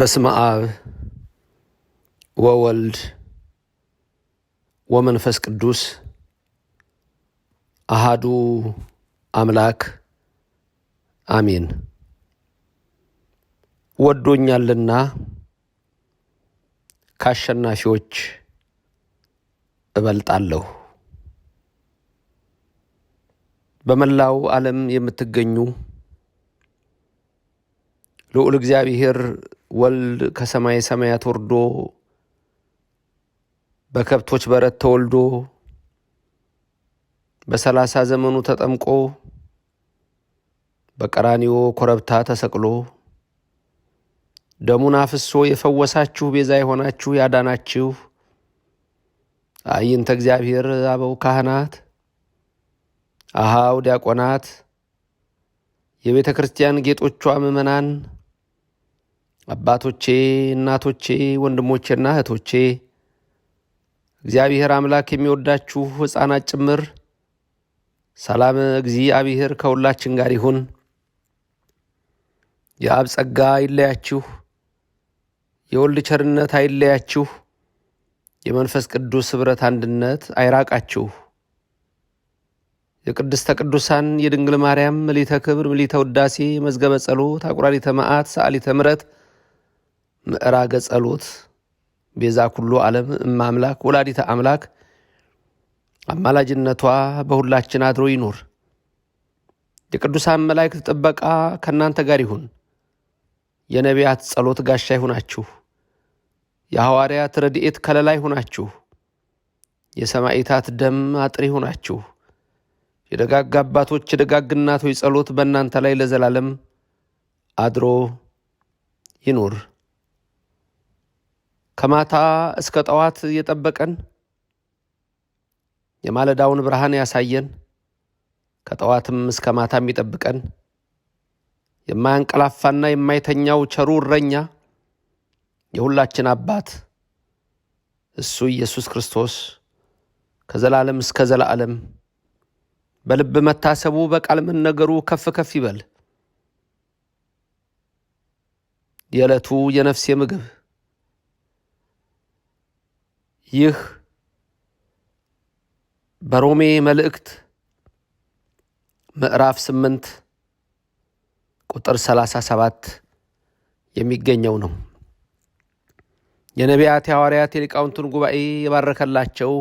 በስመ አብ ወወልድ ወመንፈስ ቅዱስ አሃዱ አምላክ አሜን። ወዶኛልና ከአሸናፊዎች እበልጣለሁ። በመላው ዓለም የምትገኙ ልዑል እግዚአብሔር ወልድ ከሰማይ ሰማያት ወርዶ በከብቶች በረት ተወልዶ በሰላሳ ዘመኑ ተጠምቆ በቀራኒዮ ኮረብታ ተሰቅሎ ደሙን አፍሶ የፈወሳችሁ ቤዛ የሆናችሁ ያዳናችሁ አይንተ እግዚአብሔር አበው ካህናት፣ አሃው ዲያቆናት፣ የቤተ ክርስቲያን ጌጦቿ ምእመናን አባቶቼ፣ እናቶቼ፣ ወንድሞቼና እህቶቼ እግዚአብሔር አምላክ የሚወዳችሁ ሕፃናት ጭምር ሰላም እግዚአብሔር ከሁላችን ጋር ይሁን። የአብ ጸጋ አይለያችሁ፣ የወልድ ቸርነት አይለያችሁ፣ የመንፈስ ቅዱስ ኅብረት አንድነት አይራቃችሁ። የቅድስተ ቅዱሳን የድንግል ማርያም ምሊተ ክብር ምሊተ ውዳሴ መዝገበ ጸሎት አቁራሪተ መዓት ሰዓሊተ ምረት ምዕራገ ጸሎት ቤዛ ኩሉ ዓለም እማምላክ ወላዲተ አምላክ አማላጅነቷ በሁላችን አድሮ ይኑር። የቅዱሳን መላእክት ጥበቃ ከእናንተ ጋር ይሁን። የነቢያት ጸሎት ጋሻ ይሁናችሁ። የሐዋርያት ረድኤት ከለላ ይሁናችሁ። የሰማዕታት ደም አጥሪ ይሁናችሁ። የደጋግ አባቶች የደጋግ እናቶች ጸሎት በእናንተ ላይ ለዘላለም አድሮ ይኑር። ከማታ እስከ ጠዋት የጠበቀን የማለዳውን ብርሃን ያሳየን ከጠዋትም እስከ ማታ የሚጠብቀን የማያንቀላፋና የማይተኛው ቸሩ እረኛ የሁላችን አባት እሱ ኢየሱስ ክርስቶስ ከዘላለም እስከ ዘላለም በልብ መታሰቡ በቃል መነገሩ ከፍ ከፍ ይበል። የዕለቱ የነፍሴ ምግብ ይህ በሮሜ መልእክት ምዕራፍ ስምንት ቁጥር ሰላሳ ሰባት የሚገኘው ነው። የነቢያት የሐዋርያት የሊቃውንቱን ጉባኤ የባረከላቸው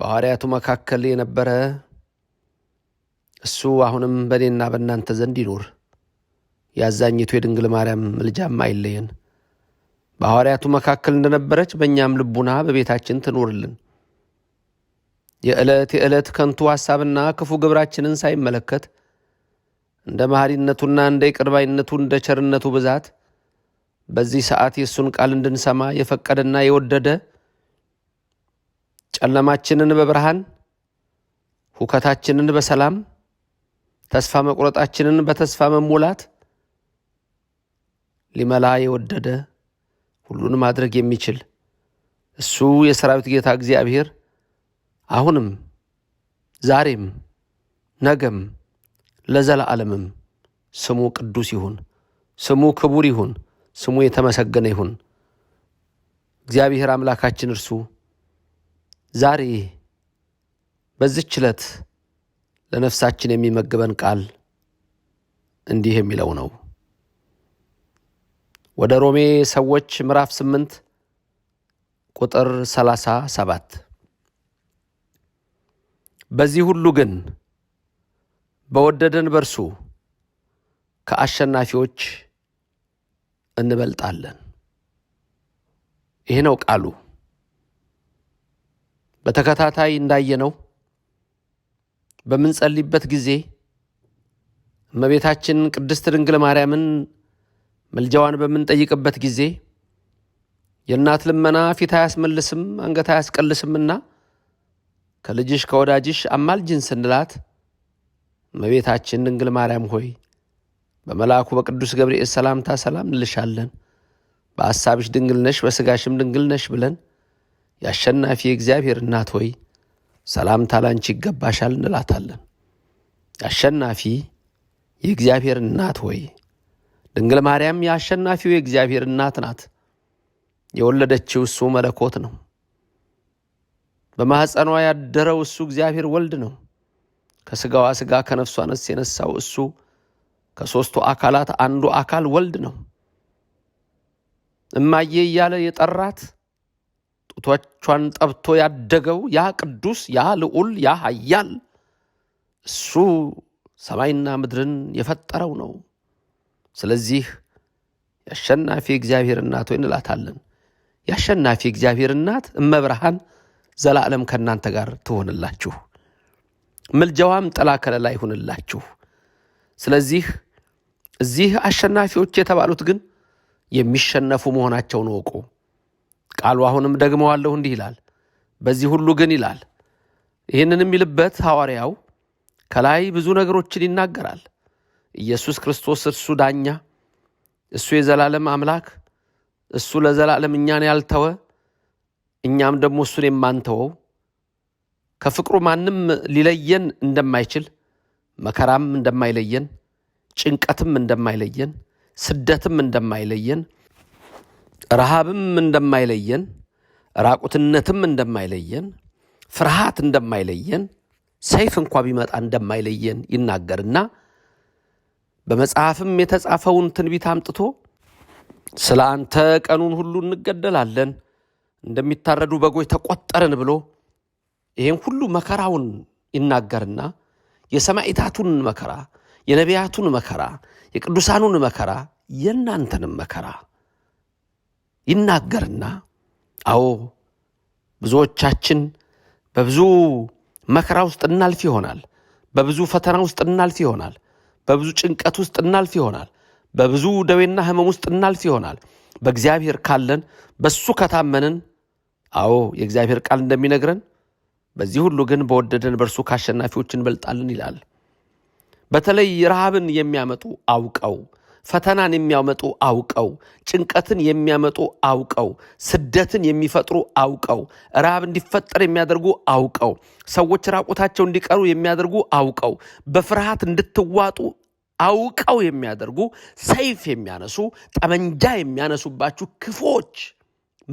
በሐዋርያቱ መካከል የነበረ እሱ አሁንም በእኔና በእናንተ ዘንድ ይኑር። የአዛኝቱ የድንግል ማርያም ምልጃም አይለየን። በሐዋርያቱ መካከል እንደነበረች በእኛም ልቡና በቤታችን ትኑርልን። የዕለት የዕለት ከንቱ ሐሳብና ክፉ ግብራችንን ሳይመለከት እንደ መሐሪነቱና እንደ ይቅርባይነቱ እንደ ቸርነቱ ብዛት በዚህ ሰዓት የእሱን ቃል እንድንሰማ የፈቀደና የወደደ ጨለማችንን በብርሃን ሁከታችንን በሰላም ተስፋ መቁረጣችንን በተስፋ መሙላት ሊመላ የወደደ ሁሉን ማድረግ የሚችል እሱ የሰራዊት ጌታ እግዚአብሔር አሁንም ዛሬም ነገም ለዘላለምም ስሙ ቅዱስ ይሁን፣ ስሙ ክቡር ይሁን፣ ስሙ የተመሰገነ ይሁን። እግዚአብሔር አምላካችን እርሱ ዛሬ በዚች ዕለት ለነፍሳችን የሚመግበን ቃል እንዲህ የሚለው ነው። ወደ ሮሜ ሰዎች ምዕራፍ 8 ቁጥር 37 በዚህ ሁሉ ግን በወደደን በርሱ ከአሸናፊዎች እንበልጣለን። ይህ ነው ቃሉ። በተከታታይ እንዳየነው በምንጸልይበት ጊዜ እመቤታችን ቅድስት ድንግል ማርያምን ምልጃዋን በምንጠይቅበት ጊዜ የእናት ልመና ፊት አያስመልስም አንገት አያስቀልስምና ከልጅሽ ከወዳጅሽ አማልጅን ስንላት እመቤታችን ድንግል ማርያም ሆይ በመልአኩ በቅዱስ ገብርኤል ሰላምታ ሰላም እንልሻለን፣ በሐሳብሽ ድንግል ነሽ፣ በሥጋሽም ድንግል ነሽ ብለን የአሸናፊ የእግዚአብሔር እናት ሆይ ሰላምታ ላንቺ ይገባሻል እንላታለን። የአሸናፊ የእግዚአብሔር እናት ሆይ ድንግል ማርያም የአሸናፊው የእግዚአብሔር እናት ናት። የወለደችው እሱ መለኮት ነው። በማኅፀኗ ያደረው እሱ እግዚአብሔር ወልድ ነው። ከሥጋዋ ሥጋ ከነፍሷ ነፍስ የነሳው እሱ ከሦስቱ አካላት አንዱ አካል ወልድ ነው። እማዬ እያለ የጠራት ጡቶቿን ጠብቶ ያደገው ያ ቅዱስ ያ ልዑል ያ ኃያል እሱ ሰማይና ምድርን የፈጠረው ነው። ስለዚህ የአሸናፊ እግዚአብሔር እናት ወይ እንላታለን። የአሸናፊ እግዚአብሔር እናት እመብርሃን ዘላለም ከእናንተ ጋር ትሆንላችሁ፣ ምልጃዋም ጥላ ከለላ ይሁንላችሁ። ስለዚህ እዚህ አሸናፊዎች የተባሉት ግን የሚሸነፉ መሆናቸውን ወቁ። ቃሉ አሁንም ደግመዋለሁ እንዲህ ይላል፣ በዚህ ሁሉ ግን ይላል። ይህንን የሚልበት ሐዋርያው ከላይ ብዙ ነገሮችን ይናገራል። ኢየሱስ ክርስቶስ እርሱ ዳኛ፣ እሱ የዘላለም አምላክ፣ እሱ ለዘላለም እኛን ያልተወ እኛም ደግሞ እሱን የማንተወው ከፍቅሩ ማንም ሊለየን እንደማይችል መከራም እንደማይለየን ጭንቀትም እንደማይለየን ስደትም እንደማይለየን ረሃብም እንደማይለየን ራቁትነትም እንደማይለየን ፍርሃት እንደማይለየን ሰይፍ እንኳ ቢመጣ እንደማይለየን ይናገርና በመጽሐፍም የተጻፈውን ትንቢት አምጥቶ ስለ አንተ ቀኑን ሁሉ እንገደላለን፣ እንደሚታረዱ በጎች ተቆጠርን ብሎ ይህም ሁሉ መከራውን ይናገርና የሰማዕታቱን መከራ፣ የነቢያቱን መከራ፣ የቅዱሳኑን መከራ፣ የእናንተንም መከራ ይናገርና አዎ ብዙዎቻችን በብዙ መከራ ውስጥ እናልፍ ይሆናል፣ በብዙ ፈተና ውስጥ እናልፍ ይሆናል። በብዙ ጭንቀት ውስጥ እናልፍ ይሆናል። በብዙ ደዌና ህመም ውስጥ እናልፍ ይሆናል። በእግዚአብሔር ካለን በሱ ከታመንን፣ አዎ የእግዚአብሔር ቃል እንደሚነግረን በዚህ ሁሉ ግን በወደደን በእርሱ ከአሸናፊዎች እንበልጣለን ይላል። በተለይ ረሃብን የሚያመጡ አውቀው ፈተናን የሚያመጡ አውቀው፣ ጭንቀትን የሚያመጡ አውቀው፣ ስደትን የሚፈጥሩ አውቀው፣ ረሃብ እንዲፈጠር የሚያደርጉ አውቀው፣ ሰዎች ራቁታቸው እንዲቀሩ የሚያደርጉ አውቀው፣ በፍርሃት እንድትዋጡ አውቀው የሚያደርጉ ሰይፍ የሚያነሱ ጠመንጃ የሚያነሱባችሁ ክፎች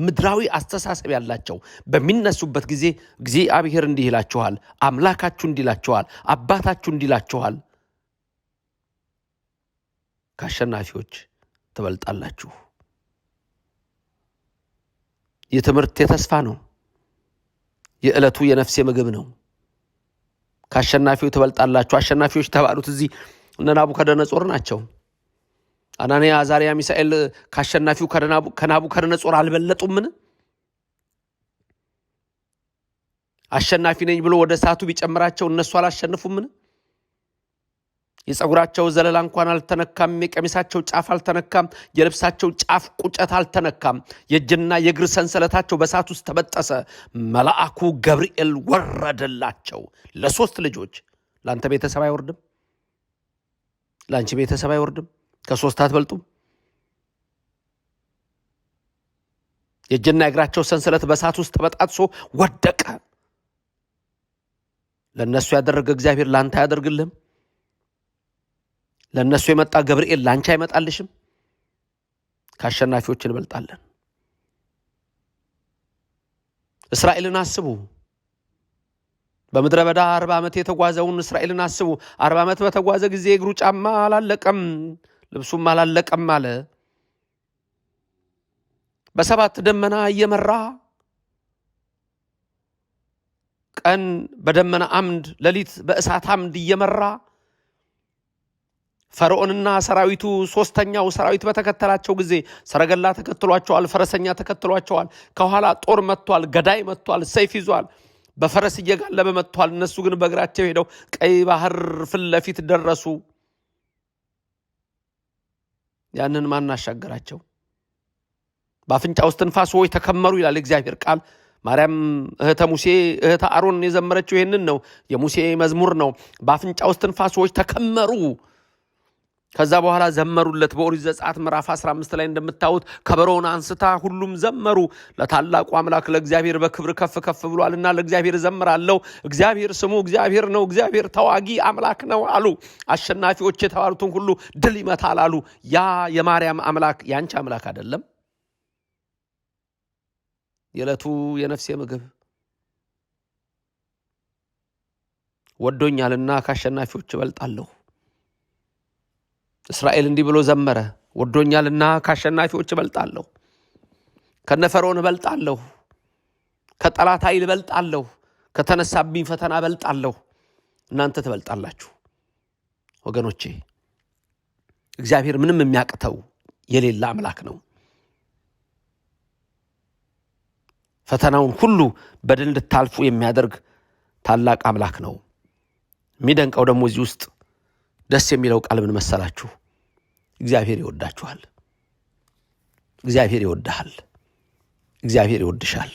ምድራዊ አስተሳሰብ ያላቸው በሚነሱበት ጊዜ እግዚአብሔር እንዲህ ይላችኋል፣ አምላካችሁ እንዲላችኋል፣ አባታችሁ እንዲላችኋል፣ ከአሸናፊዎች ትበልጣላችሁ። የትምህርት የተስፋ ነው። የዕለቱ የነፍሴ ምግብ ነው። ከአሸናፊው ትበልጣላችሁ። አሸናፊዎች የተባሉት እዚህ እነ ናቡከደነጾር ናቸው። አናንያ፣ አዛርያ፣ ሚሳኤል ከአሸናፊው ከናቡከደነጾር አልበለጡምን? አሸናፊ ነኝ ብሎ ወደ ሰዓቱ ቢጨምራቸው እነሱ አላሸንፉምን? የፀጉራቸው ዘለላ እንኳን አልተነካም። የቀሚሳቸው ጫፍ አልተነካም። የልብሳቸው ጫፍ ቁጨት አልተነካም። የእጅና የእግር ሰንሰለታቸው በእሳት ውስጥ ተበጠሰ። መልአኩ ገብርኤል ወረደላቸው። ለሶስት ልጆች ለአንተ ቤተሰብ አይወርድም፣ ለአንቺ ቤተሰብ አይወርድም። ከሶስት አትበልጡም። የእጅና የእግራቸው ሰንሰለት በእሳት ውስጥ ተበጣጥሶ ወደቀ። ለእነሱ ያደረገ እግዚአብሔር ለአንተ አያደርግልህም። ለእነሱ የመጣ ገብርኤል ላንቺ አይመጣልሽም? ከአሸናፊዎች እንበልጣለን። እስራኤልን አስቡ። በምድረ በዳ አርባ ዓመት የተጓዘውን እስራኤልን አስቡ። አርባ ዓመት በተጓዘ ጊዜ እግሩ ጫማ አላለቀም፣ ልብሱም አላለቀም አለ። በሰባት ደመና እየመራ ቀን በደመና አምድ፣ ሌሊት በእሳት አምድ እየመራ ፈርዖንና ሰራዊቱ ሶስተኛው ሰራዊት በተከተላቸው ጊዜ ሰረገላ ተከትሏቸዋል፣ ፈረሰኛ ተከትሏቸዋል። ከኋላ ጦር መጥቷል፣ ገዳይ መጥቷል፣ ሰይፍ ይዟል፣ በፈረስ እየጋለበ መጥቷል። እነሱ ግን በእግራቸው ሄደው ቀይ ባህር ፊት ለፊት ደረሱ። ያንን ማን አሻገራቸው? በአፍንጫ ውስጥ ወይ ተከመሩ ይላል እግዚአብሔር ቃል። ማርያም እህተ ሙሴ እህተ አሮን የዘመረችው ይህንን ነው። የሙሴ መዝሙር ነው። በአፍንጫ ውስጥ እስትንፋሶች ተከመሩ ከዛ በኋላ ዘመሩለት። በኦሪት ዘጸአት ምዕራፍ 15 ላይ እንደምታዩት ከበሮውን አንስታ ሁሉም ዘመሩ። ለታላቁ አምላክ ለእግዚአብሔር በክብር ከፍ ከፍ ብሏልና ለእግዚአብሔር ዘምራለሁ፣ እግዚአብሔር ስሙ እግዚአብሔር ነው፣ እግዚአብሔር ተዋጊ አምላክ ነው አሉ። አሸናፊዎች የተባሉትን ሁሉ ድል ይመታል አሉ። ያ የማርያም አምላክ ያንቺ አምላክ አይደለም። የዕለቱ የነፍሴ ምግብ ወዶኛልና ከአሸናፊዎች እበልጣለሁ እስራኤል እንዲህ ብሎ ዘመረ፣ ወዶኛልና ከአሸናፊዎች እበልጣለሁ፣ ከነፈርዖን እበልጣለሁ፣ ከጠላት ኃይል እበልጣለሁ፣ ከተነሳብኝ ፈተና እበልጣለሁ። እናንተ ትበልጣላችሁ ወገኖቼ። እግዚአብሔር ምንም የሚያቅተው የሌለ አምላክ ነው። ፈተናውን ሁሉ በድል እንድታልፉ የሚያደርግ ታላቅ አምላክ ነው። የሚደንቀው ደግሞ እዚህ ውስጥ ደስ የሚለው ቃል ምን መሰላችሁ? እግዚአብሔር ይወዳችኋል። እግዚአብሔር ይወድሃል። እግዚአብሔር ይወድሻል።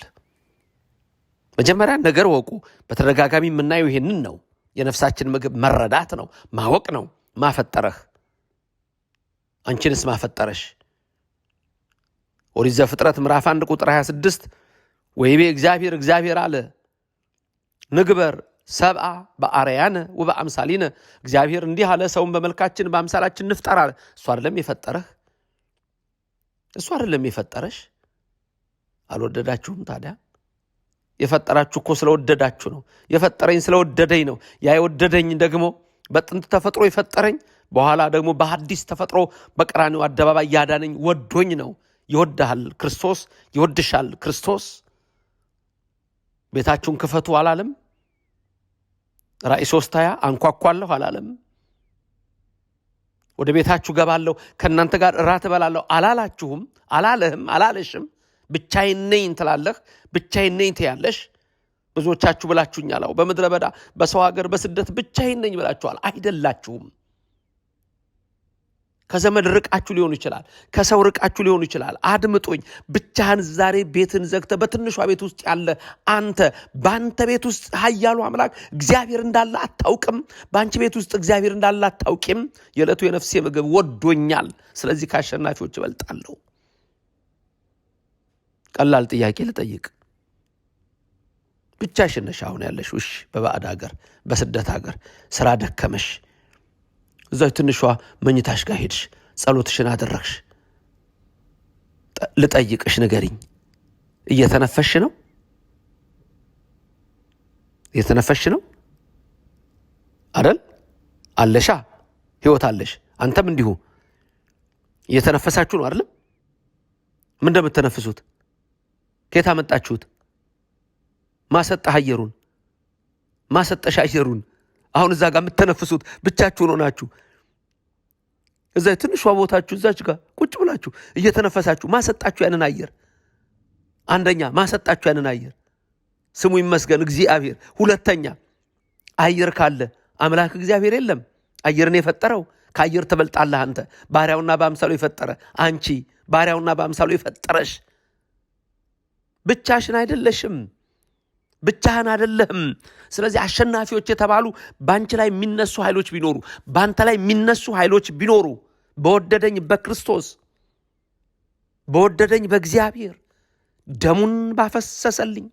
መጀመሪያ ነገር ወቁ። በተደጋጋሚ የምናየው ይሄንን ነው። የነፍሳችን ምግብ መረዳት ነው፣ ማወቅ ነው። ማፈጠረህ አንቺንስ ማፈጠረሽ ኦሪት ዘፍጥረት ምዕራፍ አንድ ቁጥር 26 ወይቤ እግዚአብሔር እግዚአብሔር አለ ንግበር ሰብአ በአርያነ ወበአምሳሊነ እግዚአብሔር እንዲህ አለ፣ ሰውን በመልካችን በአምሳላችን ንፍጠር አለ። እሱ አይደለም የፈጠረህ? እሱ አይደለም የፈጠረሽ? አልወደዳችሁም ታዲያ? የፈጠራችሁ እኮ ስለወደዳችሁ ነው። የፈጠረኝ ስለወደደኝ ነው። ያ የወደደኝ ደግሞ በጥንት ተፈጥሮ የፈጠረኝ በኋላ ደግሞ በሐዲስ ተፈጥሮ በቀራኒው አደባባይ ያዳነኝ ወዶኝ ነው። ይወድሃል ክርስቶስ፣ ይወድሻል ክርስቶስ። ቤታችሁን ክፈቱ አላለም? ራእይ ሶስት ሀያ አንኳኳለሁ አላለም። ወደ ቤታችሁ ገባለሁ ከእናንተ ጋር እራት እበላለሁ አላላችሁም፣ አላለህም፣ አላለሽም። ብቻዬን ነኝ ትላለህ፣ ብቻዬን ነኝ ትያለሽ። ብዙዎቻችሁ ብላችሁኛል፣ በምድረ በዳ በሰው ሀገር በስደት ብቻዬን ነኝ ብላችኋል። አይደላችሁም። ከዘመድ ርቃችሁ ሊሆን ይችላል፣ ከሰው ርቃችሁ ሊሆን ይችላል። አድምጦኝ ብቻህን ዛሬ ቤትን ዘግተ በትንሿ ቤት ውስጥ ያለ አንተ በአንተ ቤት ውስጥ ኃያሉ አምላክ እግዚአብሔር እንዳለ አታውቅም። በአንቺ ቤት ውስጥ እግዚአብሔር እንዳለ አታውቂም። የዕለቱ የነፍሴ ምግብ ወዶኛል፣ ስለዚህ ከአሸናፊዎች እበልጣለሁ። ቀላል ጥያቄ ልጠይቅ። ብቻሽን ነሽ አሁን ያለሽ? እሺ፣ በባዕድ ሀገር፣ በስደት ሀገር ስራ ደከመሽ እዛች ትንሿ መኝታሽ ጋር ሄድሽ፣ ጸሎትሽን አደረግሽ። ልጠይቅሽ ንገሪኝ፣ እየተነፈሽ ነው? እየተነፈሽ ነው አደል? አለሻ፣ ህይወት አለሽ። አንተም እንዲሁ እየተነፈሳችሁ ነው አደለም ምን እንደምትተነፍሱት ከየት አመጣችሁት? ማሰጠህ አየሩን ማሰጠሽ አየሩን አሁን እዛ ጋር የምተነፍሱት ብቻችሁን ሆናችሁ እዛ ትንሿ ቦታችሁ እዛች ጋር ቁጭ ብላችሁ እየተነፈሳችሁ ማሰጣችሁ ያንን አየር አንደኛ ማሰጣችሁ ያንን አየር ስሙ ይመስገን እግዚአብሔር። ሁለተኛ አየር ካለ አምላክ እግዚአብሔር የለም? አየርን የፈጠረው ከአየር ትበልጣለህ አንተ። ባሪያውና በአምሳሉ የፈጠረ አንቺ ባሪያውና በአምሳሉ የፈጠረሽ ብቻሽን አይደለሽም። ብቻህን አደለህም። ስለዚህ አሸናፊዎች የተባሉ በአንቺ ላይ የሚነሱ ኃይሎች ቢኖሩ፣ በአንተ ላይ የሚነሱ ኃይሎች ቢኖሩ በወደደኝ በክርስቶስ በወደደኝ በእግዚአብሔር ደሙን ባፈሰሰልኝ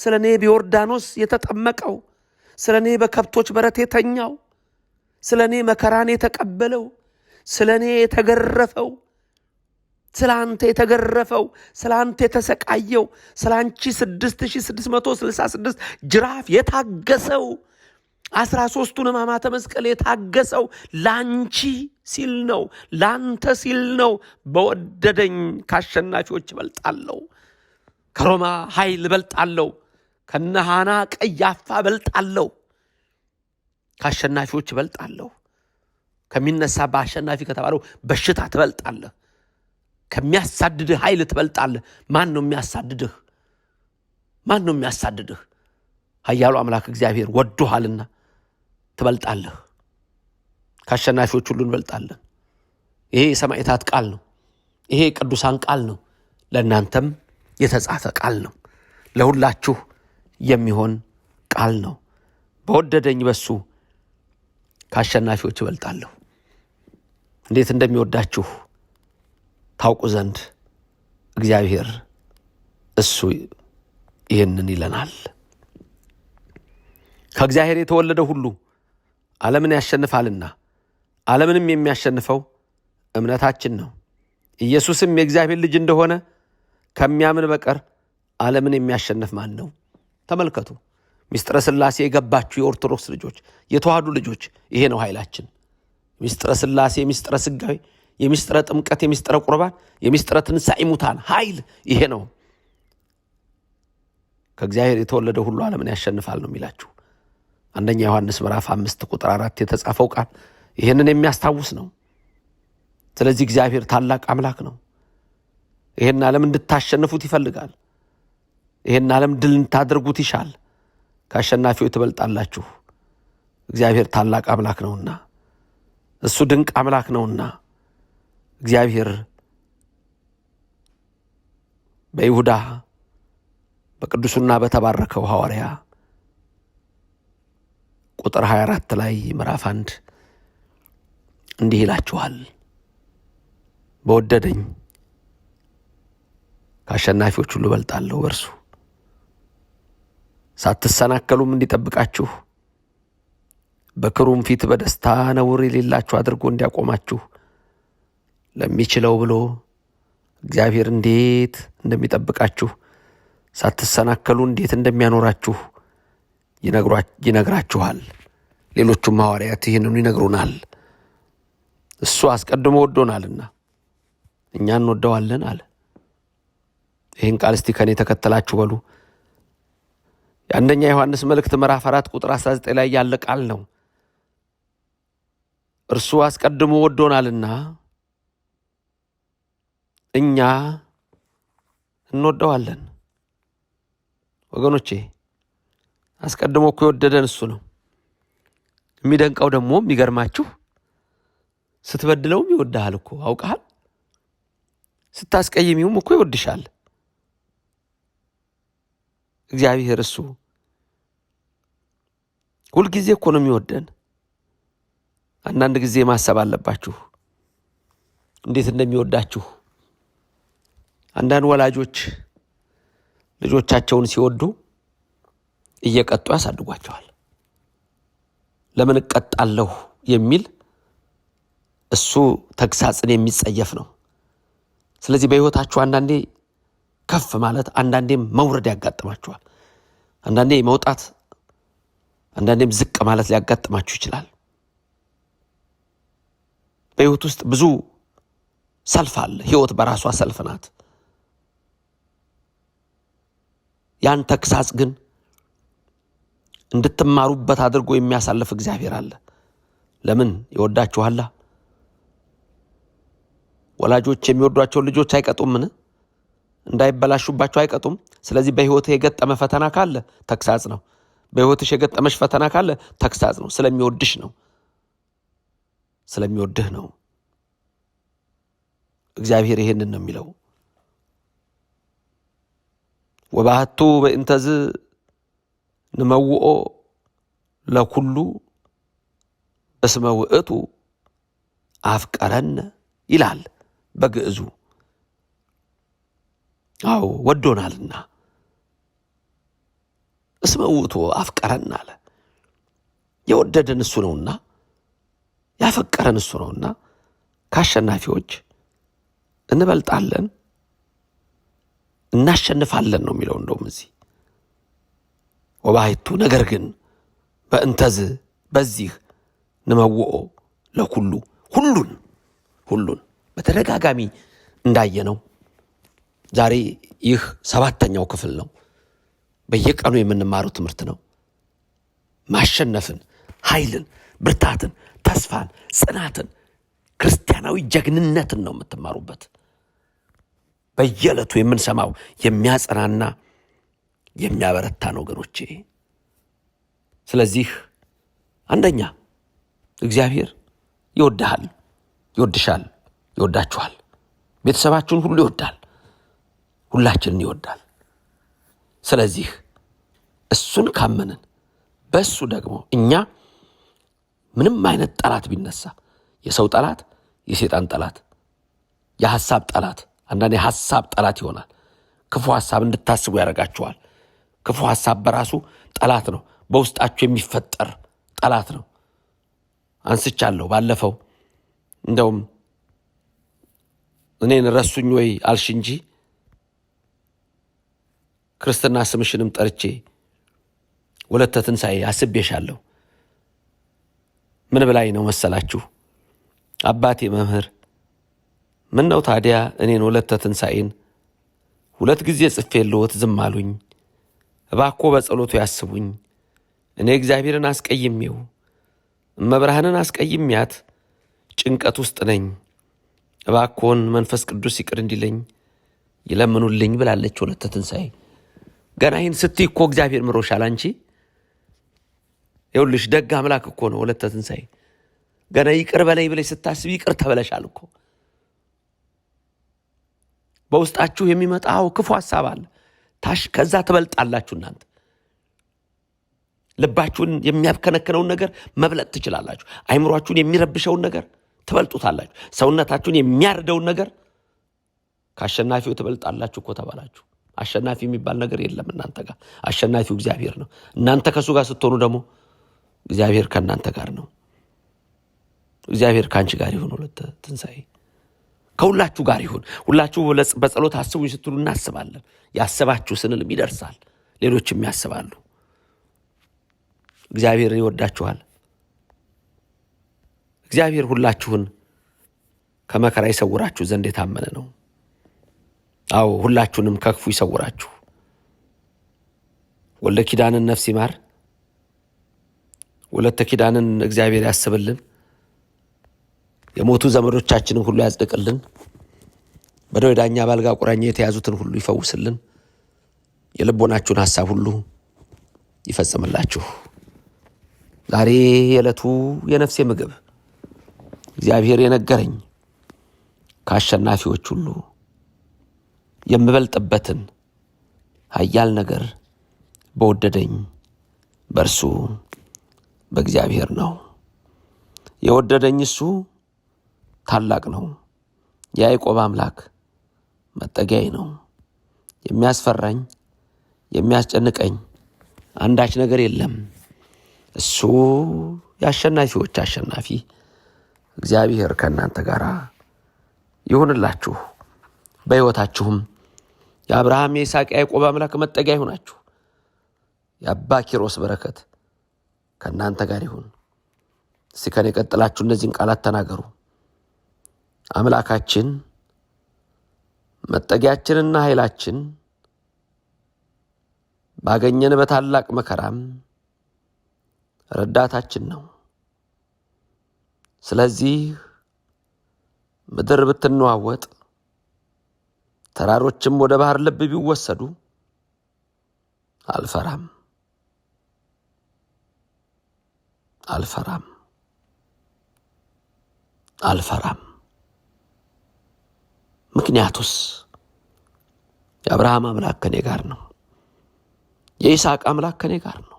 ስለ እኔ በዮርዳኖስ የተጠመቀው ስለ እኔ በከብቶች በረት የተኛው ስለ እኔ መከራን የተቀበለው ስለ እኔ የተገረፈው ስለ አንተ የተገረፈው፣ ስለ አንተ የተሰቃየው፣ ስለ አንቺ 6666 ጅራፍ የታገሰው፣ አስራ ሶስቱን ሕማማተ መስቀል የታገሰው ላንቺ ሲል ነው፣ ላንተ ሲል ነው። በወደደኝ ከአሸናፊዎች እበልጣለሁ፣ ከሮማ ኃይል እበልጣለሁ፣ ከነሃና ቀያፋ እበልጣለሁ፣ ከአሸናፊዎች እበልጣለሁ፣ ከሚነሳ በአሸናፊ ከተባለው በሽታ ትበልጣለህ። ከሚያሳድድህ ኃይል ትበልጣለህ። ማን ነው የሚያሳድድህ? ማን ነው የሚያሳድድህ? ኃያሉ አምላክ እግዚአብሔር ወዶሃልና ትበልጣለህ። ከአሸናፊዎች ሁሉ እንበልጣለን። ይሄ የሰማዕታት ቃል ነው። ይሄ የቅዱሳን ቃል ነው። ለእናንተም የተጻፈ ቃል ነው። ለሁላችሁ የሚሆን ቃል ነው። በወደደኝ በሱ ከአሸናፊዎች እበልጣለሁ። እንዴት እንደሚወዳችሁ ታውቁ ዘንድ እግዚአብሔር እሱ ይህንን ይለናል። ከእግዚአብሔር የተወለደ ሁሉ ዓለምን ያሸንፋልና ዓለምንም የሚያሸንፈው እምነታችን ነው። ኢየሱስም የእግዚአብሔር ልጅ እንደሆነ ከሚያምን በቀር ዓለምን የሚያሸንፍ ማን ነው? ተመልከቱ። ምስጢረ ሥላሴ የገባችሁ የኦርቶዶክስ ልጆች፣ የተዋህዱ ልጆች፣ ይሄ ነው ኃይላችን። ምስጢረ ሥላሴ ምስጢረ ሥጋዊ የሚስጥረ ጥምቀት፣ የሚስጥረ ቁርባን፣ የሚስጥረ ትንሣኤ ሙታን ኃይል ይሄ ነው። ከእግዚአብሔር የተወለደ ሁሉ ዓለምን ያሸንፋል ነው የሚላችሁ። አንደኛ ዮሐንስ ምዕራፍ አምስት ቁጥር አራት የተጻፈው ቃል ይህንን የሚያስታውስ ነው። ስለዚህ እግዚአብሔር ታላቅ አምላክ ነው። ይህን ዓለም እንድታሸንፉት ይፈልጋል። ይህን ዓለም ድል እንድታደርጉት ይሻል። ከአሸናፊው ትበልጣላችሁ። እግዚአብሔር ታላቅ አምላክ ነውና፣ እሱ ድንቅ አምላክ ነውና እግዚአብሔር በይሁዳ በቅዱሱና በተባረከው ሐዋርያ ቁጥር 24 ላይ ምዕራፍ አንድ እንዲህ ይላችኋል። በወደደኝ ከአሸናፊዎች ሁሉ እበልጣለሁ። በእርሱ ሳትሰናከሉም እንዲጠብቃችሁ በክሩም ፊት በደስታ ነውር የሌላችሁ አድርጎ እንዲያቆማችሁ ለሚችለው ብሎ እግዚአብሔር እንዴት እንደሚጠብቃችሁ ሳትሰናከሉ እንዴት እንደሚያኖራችሁ ይነግራችኋል። ሌሎቹም ሐዋርያት ይህንኑ ይነግሩናል። እሱ አስቀድሞ ወዶናልና እኛ እንወደዋለን አለ። ይህን ቃል እስቲ ከኔ ተከተላችሁ በሉ። የአንደኛ ዮሐንስ መልእክት ምዕራፍ አራት ቁጥር 19 ላይ ያለ ቃል ነው። እርሱ አስቀድሞ ወዶናልና እኛ እንወደዋለን። ወገኖቼ አስቀድሞ እኮ የወደደን እሱ ነው። የሚደንቀው ደግሞ የሚገርማችሁ ስትበድለውም ይወድሃል እኮ አውቀሃል። ስታስቀይሚውም እኮ ይወድሻል። እግዚአብሔር እሱ ሁልጊዜ እኮ ነው የሚወደን። አንዳንድ ጊዜ ማሰብ አለባችሁ እንዴት እንደሚወዳችሁ። አንዳንድ ወላጆች ልጆቻቸውን ሲወዱ እየቀጡ ያሳድጓቸዋል። ለምን እቀጣለሁ የሚል እሱ ተግሳጽን የሚጸየፍ ነው። ስለዚህ በሕይወታችሁ አንዳንዴ ከፍ ማለት፣ አንዳንዴም መውረድ ያጋጥማችኋል። አንዳንዴ መውጣት፣ አንዳንዴም ዝቅ ማለት ሊያጋጥማችሁ ይችላል። በሕይወት ውስጥ ብዙ ሰልፍ አለ። ሕይወት በራሷ ሰልፍ ናት። ያን ተግሳጽ ግን እንድትማሩበት አድርጎ የሚያሳልፍ እግዚአብሔር አለ። ለምን ይወዳችኋላ? ወላጆች የሚወዷቸውን ልጆች አይቀጡምን? እንዳይበላሹባቸው አይቀጡም። ስለዚህ በሕይወትህ የገጠመ ፈተና ካለ ተግሳጽ ነው። በሕይወትሽ የገጠመሽ ፈተና ካለ ተግሳጽ ነው። ስለሚወድሽ ነው። ስለሚወድህ ነው። እግዚአብሔር ይሄንን ነው የሚለው። ወባህቱ በእንተዝ ንመውኦ ለኩሉ እስመ ውእቱ አፍቀረን ይላል በግዕዙ። አዎ ወዶናልና እስመ ውእቱ አፍቀረን አለ። የወደደን እሱ ነውና ያፈቀረን እሱ ነውና ከአሸናፊዎች እንበልጣለን እናሸንፋለን ነው የሚለው። እንደውም እዚህ ወባይቱ ነገር ግን በእንተዝ በዚህ ንመውኦ ለኩሉ ሁሉን ሁሉን በተደጋጋሚ እንዳየነው ዛሬ ይህ ሰባተኛው ክፍል ነው። በየቀኑ የምንማረው ትምህርት ነው። ማሸነፍን፣ ኃይልን፣ ብርታትን፣ ተስፋን፣ ጽናትን ክርስቲያናዊ ጀግንነትን ነው የምትማሩበት። በየዕለቱ የምንሰማው የሚያጸናና የሚያበረታ ነው ወገኖቼ። ስለዚህ አንደኛ እግዚአብሔር ይወድሃል፣ ይወድሻል፣ ይወዳችኋል። ቤተሰባችሁን ሁሉ ይወዳል፣ ሁላችንን ይወዳል። ስለዚህ እሱን ካመንን በእሱ ደግሞ እኛ ምንም አይነት ጠላት ቢነሳ የሰው ጠላት፣ የሴጣን ጠላት፣ የሐሳብ ጠላት አንዳንድ ሀሳብ ጠላት ይሆናል። ክፉ ሀሳብ እንድታስቡ ያደርጋችኋል። ክፉ ሀሳብ በራሱ ጠላት ነው። በውስጣችሁ የሚፈጠር ጠላት ነው። አንስቻለሁ ባለፈው እንደውም እኔን ረሱኝ ወይ አልሽ እንጂ ክርስትና ስምሽንም ጠርቼ ወለተ ትንሣኤ አስቤሻለሁ። ምን ብላኝ ነው መሰላችሁ? አባቴ መምህር ምን ነው ታዲያ እኔን ሁለተ ትንሣኤን ሁለት ጊዜ ጽፌልዎት ዝም አሉኝ። እባኮ በጸሎቱ ያስቡኝ። እኔ እግዚአብሔርን አስቀይሜው እመብርሃንን አስቀይሜያት ጭንቀት ውስጥ ነኝ። እባኮን መንፈስ ቅዱስ ይቅር እንዲለኝ ይለምኑልኝ ብላለች ሁለተ ትንሣኤ። ገና ይህን ስትይ እኮ እግዚአብሔር ምሮሻል። አንቺ ይኸውልሽ ደግ አምላክ እኮ ነው ሁለተ ትንሣኤ። ገና ይቅር በለኝ ብለሽ ስታስብ ይቅር ተበለሻል እኮ በውስጣችሁ የሚመጣው ክፉ ሀሳብ አለ። ታሽ ከዛ ትበልጣላችሁ። እናንተ ልባችሁን የሚያከነክነውን ነገር መብለጥ ትችላላችሁ። አይምሯችሁን የሚረብሸውን ነገር ትበልጡታላችሁ። ሰውነታችሁን የሚያርደውን ነገር ከአሸናፊው ትበልጣላችሁ እኮ ተባላችሁ። አሸናፊ የሚባል ነገር የለም እናንተ ጋር። አሸናፊው እግዚአብሔር ነው። እናንተ ከእሱ ጋር ስትሆኑ ደግሞ እግዚአብሔር ከእናንተ ጋር ነው። እግዚአብሔር ከአንቺ ጋር ይሁን። ሁለተ ትንሣኤ ከሁላችሁ ጋር ይሁን። ሁላችሁ በጸሎት አስቡኝ ስትሉ እናስባለን። ያሰባችሁ ስንልም ይደርሳል። ሌሎችም ያስባሉ። እግዚአብሔር ይወዳችኋል። እግዚአብሔር ሁላችሁን ከመከራ ይሰውራችሁ ዘንድ የታመነ ነው። አዎ ሁላችሁንም ከክፉ ይሰውራችሁ። ወልደ ኪዳንን ነፍስ ይማር። ወለተ ኪዳንን እግዚአብሔር ያስብልን። የሞቱ ዘመዶቻችንን ሁሉ ያጽድቅልን። በደዌ ዳኛ በአልጋ ቁራኛ የተያዙትን ሁሉ ይፈውስልን። የልቦናችሁን ሐሳብ ሁሉ ይፈጽምላችሁ። ዛሬ የዕለቱ የነፍሴ ምግብ እግዚአብሔር የነገረኝ ከአሸናፊዎች ሁሉ የምበልጥበትን ኃያል ነገር በወደደኝ በእርሱ በእግዚአብሔር ነው የወደደኝ እሱ ታላቅ ነው። የያዕቆብ አምላክ መጠጊያዬ ነው። የሚያስፈራኝ የሚያስጨንቀኝ አንዳች ነገር የለም። እሱ የአሸናፊዎች አሸናፊ እግዚአብሔር ከእናንተ ጋር ይሁንላችሁ፣ በሕይወታችሁም የአብርሃም የይስሐቅ ያዕቆብ አምላክ መጠጊያ ይሁናችሁ። የአባ ኪሮስ በረከት ከእናንተ ጋር ይሁን። እስቲ ከኔ ቀጥላችሁ እነዚህን ቃላት ተናገሩ። አምላካችን መጠጊያችንና ኃይላችን ባገኘን በታላቅ መከራም ረዳታችን ነው። ስለዚህ ምድር ብትነዋወጥ፣ ተራሮችም ወደ ባህር ልብ ቢወሰዱ አልፈራም አልፈራም አልፈራም። ምክንያቱስ የአብርሃም አምላክ ከኔ ጋር ነው። የይስሐቅ አምላክ ከኔ ጋር ነው።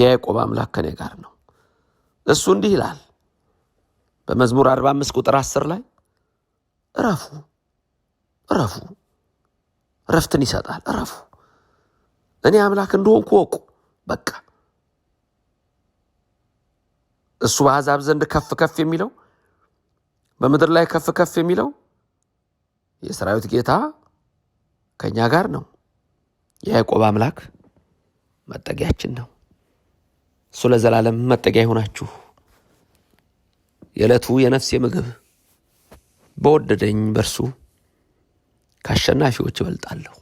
የያዕቆብ አምላክ ከኔ ጋር ነው። እሱ እንዲህ ይላል በመዝሙር 45 ቁጥር 10 ላይ እረፉ፣ እረፉ። እረፍትን ይሰጣል። እረፉ፣ እኔ አምላክ እንደሆንኩ ወቁ። በቃ እሱ በአሕዛብ ዘንድ ከፍ ከፍ የሚለው በምድር ላይ ከፍ ከፍ የሚለው የሰራዊት ጌታ ከእኛ ጋር ነው። የያዕቆብ አምላክ መጠጊያችን ነው። እሱ ለዘላለም መጠጊያ ይሆናችሁ። የዕለቱ የነፍሴ ምግብ በወደደኝ በእርሱ ከአሸናፊዎች እበልጣለሁ።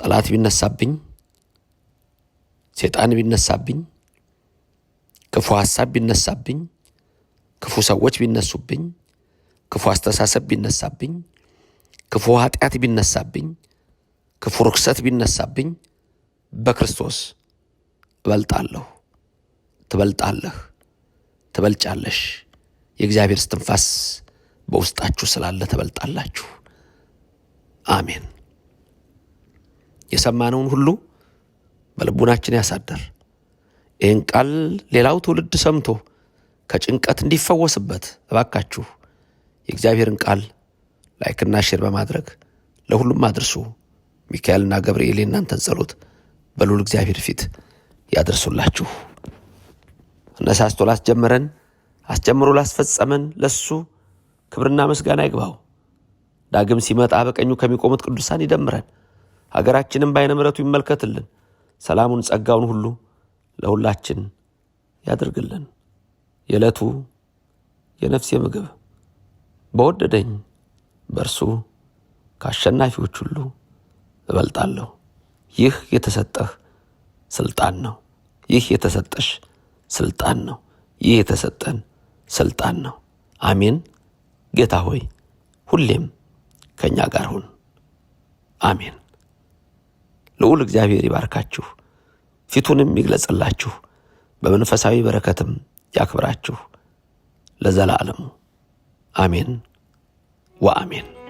ጠላት ቢነሳብኝ፣ ሴጣን ቢነሳብኝ፣ ክፉ ሐሳብ ቢነሳብኝ፣ ክፉ ሰዎች ቢነሱብኝ፣ ክፉ አስተሳሰብ ቢነሳብኝ ክፉ ኃጢአት ቢነሳብኝ፣ ክፉ ርኩሰት ቢነሳብኝ በክርስቶስ እበልጣለሁ። ትበልጣለህ፣ ትበልጫለሽ። የእግዚአብሔር ስትንፋስ በውስጣችሁ ስላለ ትበልጣላችሁ። አሜን። የሰማነውን ሁሉ በልቡናችን ያሳደር። ይህን ቃል ሌላው ትውልድ ሰምቶ ከጭንቀት እንዲፈወስበት እባካችሁ የእግዚአብሔርን ቃል ላይክና ሼር በማድረግ ለሁሉም አድርሱ። ሚካኤልና ገብርኤል የእናንተን ጸሎት በልዑል እግዚአብሔር ፊት ያደርሱላችሁ። አነሳስቶ ላስጀመረን አስጀምሮ ላስፈጸመን ለሱ ክብርና ምስጋና ይግባው። ዳግም ሲመጣ በቀኙ ከሚቆሙት ቅዱሳን ይደምረን። ሀገራችንም በአይነ ምረቱ ይመልከትልን። ሰላሙን ጸጋውን ሁሉ ለሁላችን ያድርግልን። የዕለቱ የነፍሴ ምግብ በወደደኝ በእርሱ ከአሸናፊዎች ሁሉ እበልጣለሁ። ይህ የተሰጠህ ስልጣን ነው። ይህ የተሰጠሽ ስልጣን ነው። ይህ የተሰጠን ስልጣን ነው። አሜን። ጌታ ሆይ ሁሌም ከእኛ ጋር ሁን። አሜን። ልዑል እግዚአብሔር ይባርካችሁ፣ ፊቱንም ይግለጽላችሁ፣ በመንፈሳዊ በረከትም ያክብራችሁ ለዘላለሙ አሜን። wa amin.